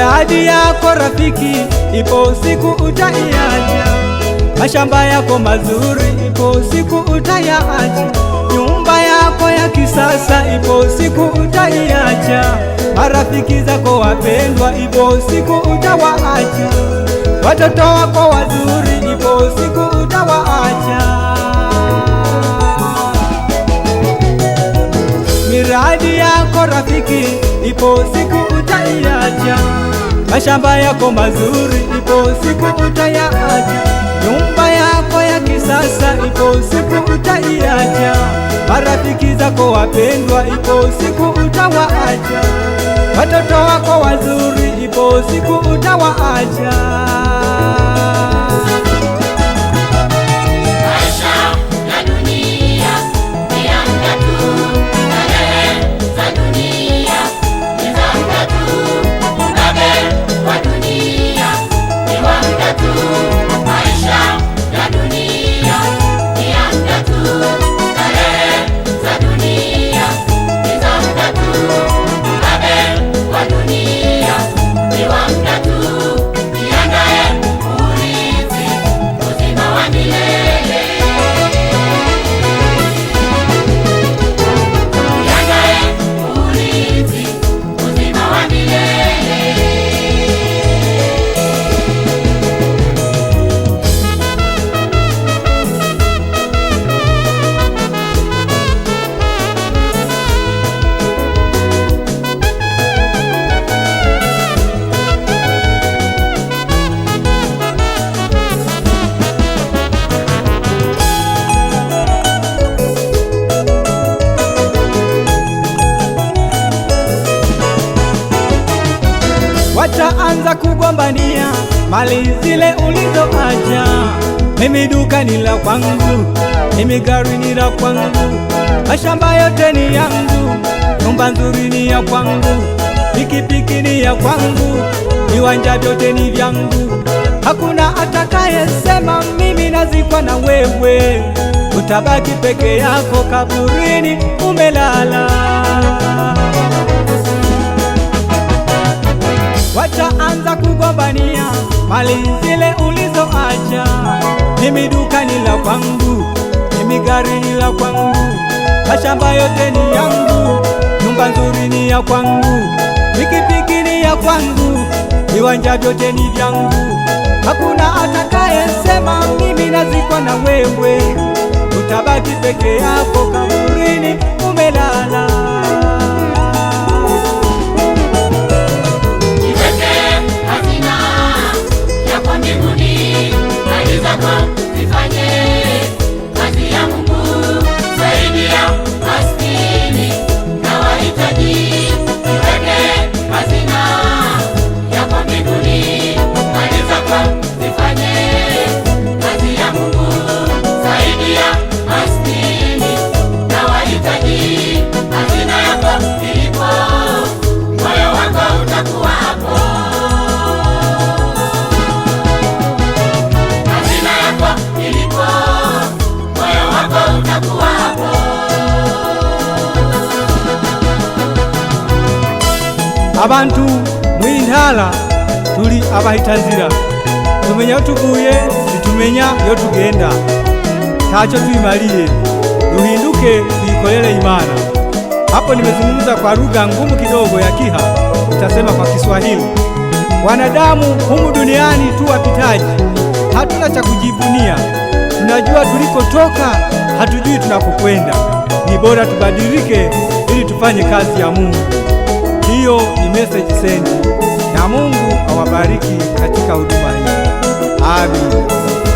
miradi yako rafiki ipo usiku utaiacha, mashamba yako mazuri ipo usiku utayaacha, nyumba yako ya kisasa ipo usiku utaiacha, marafiki zako wapendwa ipo usiku utawaacha, watoto wako wazuri ipo usiku utawaacha. Miradi yako rafiki ipo usiku utaiacha, mashamba yako mazuri, ipo siku utayaja, nyumba yako ya kisasa, ipo siku utayaja, marafiki zako wapendwa, ipo siku utawaacha, watoto wako wazuri, ipo siku utawaacha. tunaanza kugombania mali zile ulizoacha. Mimi duka ni la kwangu, mimi gari ni la kwangu, mashamba yote ni yangu, nyumba nzuri ni ya kwangu, pikipiki ni ya kwangu, viwanja vyote ni vyangu. Hakuna atakayesema mimi nazikwa na wewe, utabaki peke yako kaburini umelala wataanza kugombania mali zile ulizoacha. Mimi duka ni la kwangu, mimi gari ni la kwangu, mashamba yote ni yangu, nyumba nzuri ni ya kwangu, pikipiki ni ya kwangu, viwanja vyote ni vyangu. Hakuna atakayesema mimi nazikwa na wewe, utabaki peke yako kaburini. abantu mw'intala tuli abahitanzira tumenya yo tuvuye situmenya yo tugenda tacho tuimaliye luhinduke tuikolele imana Hapo nimezungumza kwa lugha ngumu kidogo ya Kiha, utasema kwa Kiswahili. Wanadamu humu duniani tu wapitaji, hatuna cha kujivunia. Tunajua tulikotoka, hatujui tunakokwenda. Ni bora tubadilike ili tufanye kazi ya Mungu. Hiyo ni message send, na Mungu awabariki katika huduma hii. Amen.